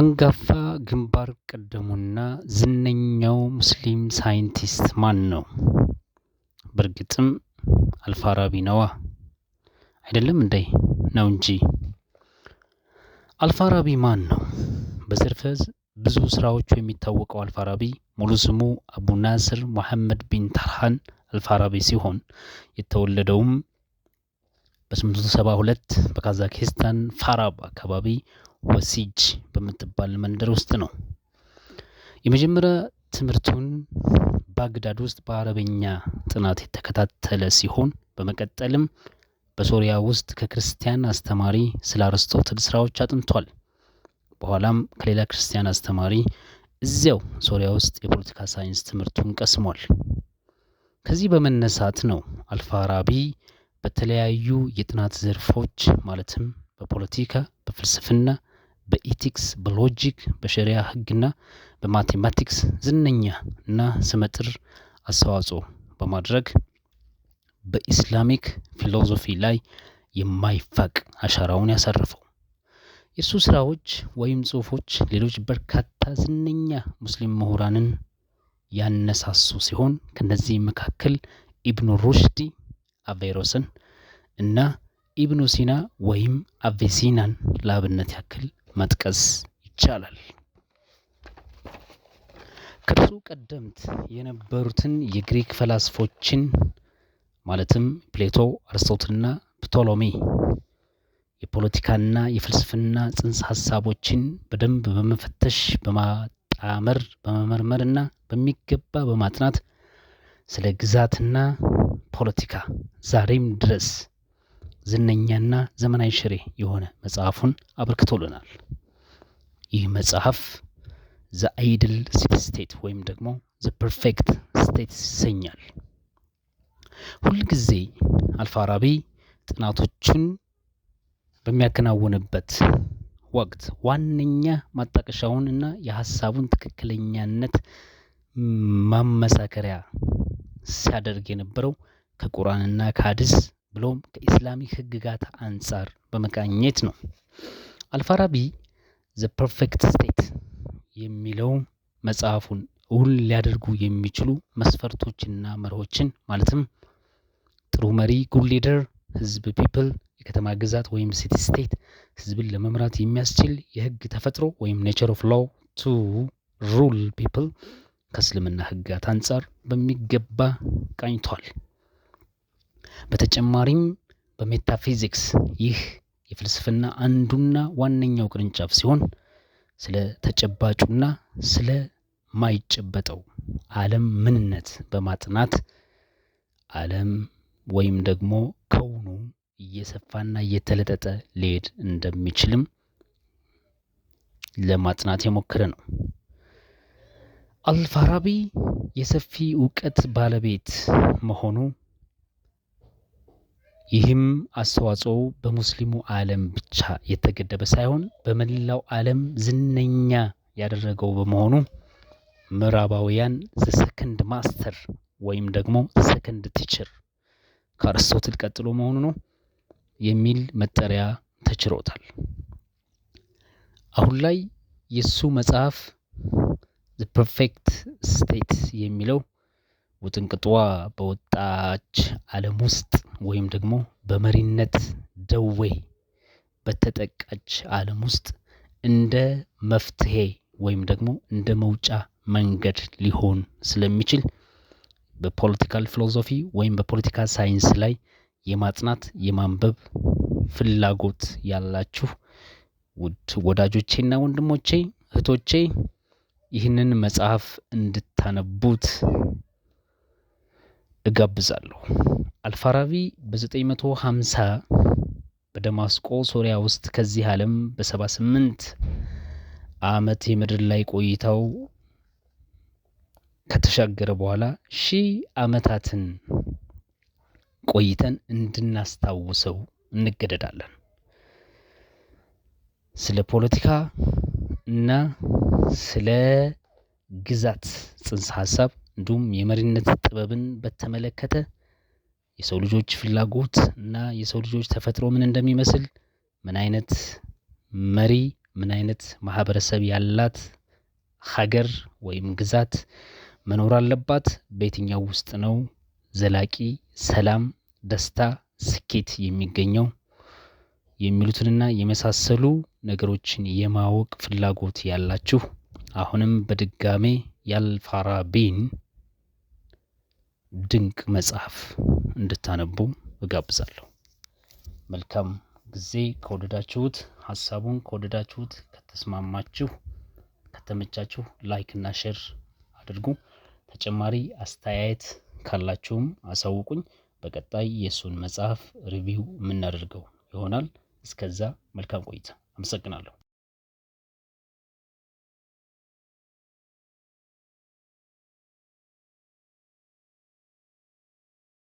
አንጋፋ ግንባር ቀደሙና ዝነኛው ሙስሊም ሳይንቲስት ማን ነው? በእርግጥም አልፋራቢ ነዋ። አይደለም እንዴ? ነው እንጂ። አልፋራቢ ማን ነው? በዘርፈ ብዙ ስራዎቹ የሚታወቀው አልፋራቢ ሙሉ ስሙ አቡ ናስር ሙሐመድ ቢን ታርሃን አልፋራቢ ሲሆን የተወለደውም በ872 በካዛኪስታን ፋራብ አካባቢ ወሲጅ በምትባል መንደር ውስጥ ነው። የመጀመሪያ ትምህርቱን ባግዳድ ውስጥ በአረበኛ ጥናት የተከታተለ ሲሆን በመቀጠልም በሶሪያ ውስጥ ከክርስቲያን አስተማሪ ስለ አርስቶትል ስራዎች አጥንቷል። በኋላም ከሌላ ክርስቲያን አስተማሪ እዚያው ሶሪያ ውስጥ የፖለቲካ ሳይንስ ትምህርቱን ቀስሟል። ከዚህ በመነሳት ነው አልፋራቢ በተለያዩ የጥናት ዘርፎች ማለትም በፖለቲካ፣ በፍልስፍና፣ በኢቲክስ፣ በሎጂክ፣ በሸሪያ ህግና በማቴማቲክስ ዝነኛ እና ስመጥር አስተዋጽኦ በማድረግ በኢስላሚክ ፊሎዞፊ ላይ የማይፋቅ አሻራውን ያሳረፈው የእሱ ስራዎች ወይም ጽሁፎች ሌሎች በርካታ ዝነኛ ሙስሊም ምሁራንን ያነሳሱ ሲሆን ከነዚህ መካከል ኢብኑ ሩሽዲ አቬሮስን እና ኢብኑ ሲና ወይም አቬሲናን ለአብነት ያክል መጥቀስ ይቻላል። ከሱ ቀደምት የነበሩትን የግሪክ ፈላስፎችን ማለትም ፕሌቶ፣ አርስቶትልና ፕቶሎሚ የፖለቲካና የፍልስፍና ጽንሰ ሀሳቦችን በደንብ በመፈተሽ በማጣመር በመመርመርና በሚገባ በማጥናት ስለ ግዛትና ፖለቲካ ዛሬም ድረስ ዝነኛና ዘመናዊ ሽሬ የሆነ መጽሐፉን አበርክቶልናል። ይህ መጽሐፍ ዘ አይድል ሲቲ ስቴት ወይም ደግሞ ዘ ፐርፌክት ስቴት ይሰኛል። ሁልጊዜ አልፋራቢ ጥናቶቹን በሚያከናውንበት ወቅት ዋነኛ ማጣቀሻውን እና የሀሳቡን ትክክለኛነት ማመሳከሪያ ሲያደርግ የነበረው ከቁርአንና ከሀዲስ ብሎም ከኢስላሚ ህግጋት አንጻር በመቃኘት ነው። አልፋራቢ ዘ ፐርፌክት ስቴት የሚለው መጽሐፉን እውን ሊያደርጉ የሚችሉ መስፈርቶችና መርሆችን ማለትም ጥሩ መሪ ጉድ ሊደር፣ ህዝብ ፒፕል፣ የከተማ ግዛት ወይም ሲቲ ስቴት፣ ህዝብን ለመምራት የሚያስችል የህግ ተፈጥሮ ወይም ኔቸር ኦፍ ላው ቱ ሩል ፒፕል ከእስልምና ህጋት አንጻር በሚገባ ቃኝቷል። በተጨማሪም በሜታፊዚክስ ይህ የፍልስፍና አንዱና ዋነኛው ቅርንጫፍ ሲሆን ስለ ተጨባጩና ስለ ማይጨበጠው ዓለም ምንነት በማጥናት ዓለም ወይም ደግሞ ከውኑ እየሰፋና እየተለጠጠ ሊሄድ እንደሚችልም ለማጥናት የሞከረ ነው። አልፋራቢ የሰፊ እውቀት ባለቤት መሆኑ ይህም አስተዋጽኦ በሙስሊሙ ዓለም ብቻ የተገደበ ሳይሆን በመላው ዓለም ዝነኛ ያደረገው በመሆኑ ምዕራባውያን ዘሰከንድ ማስተር ወይም ደግሞ ዘሰከንድ ቲቸር ከአርስቶትል ቀጥሎ መሆኑ ነው የሚል መጠሪያ ተችሮታል። አሁን ላይ የእሱ መጽሐፍ ፐርፌክት ስቴት የሚለው ውጥንቅጧ በወጣች አለም ውስጥ ወይም ደግሞ በመሪነት ደዌ በተጠቃች አለም ውስጥ እንደ መፍትሄ ወይም ደግሞ እንደ መውጫ መንገድ ሊሆን ስለሚችል በፖለቲካል ፊሎዞፊ ወይም በፖለቲካ ሳይንስ ላይ የማጥናት የማንበብ ፍላጎት ያላችሁ ውድ ወዳጆቼና ወንድሞቼ እህቶቼ ይህንን መጽሐፍ እንድታነቡት እጋብዛለሁ። አልፋራቢ በ950 በደማስቆ ሶሪያ ውስጥ ከዚህ ዓለም በ78 ዓመት የምድር ላይ ቆይታው ከተሻገረ በኋላ ሺህ ዓመታትን ቆይተን እንድናስታውሰው እንገደዳለን። ስለ ፖለቲካ እና ስለ ግዛት ጽንሰ ሀሳብ እንዲሁም የመሪነት ጥበብን በተመለከተ የሰው ልጆች ፍላጎት እና የሰው ልጆች ተፈጥሮ ምን እንደሚመስል ምን አይነት መሪ ምን አይነት ማህበረሰብ ያላት ሀገር ወይም ግዛት መኖር አለባት በየትኛው ውስጥ ነው ዘላቂ ሰላም ደስታ ስኬት የሚገኘው የሚሉትንና የመሳሰሉ ነገሮችን የማወቅ ፍላጎት ያላችሁ አሁንም በድጋሜ የአልፋራቢን ድንቅ መጽሐፍ እንድታነቡ እጋብዛለሁ። መልካም ጊዜ። ከወደዳችሁት ሀሳቡን ከወደዳችሁት፣ ከተስማማችሁ፣ ከተመቻችሁ ላይክ እና ሼር አድርጉ። ተጨማሪ አስተያየት ካላችሁም አሳውቁኝ። በቀጣይ የእሱን መጽሐፍ ሪቪው የምናደርገው ይሆናል። እስከዛ መልካም ቆይታ አመሰግናለሁ።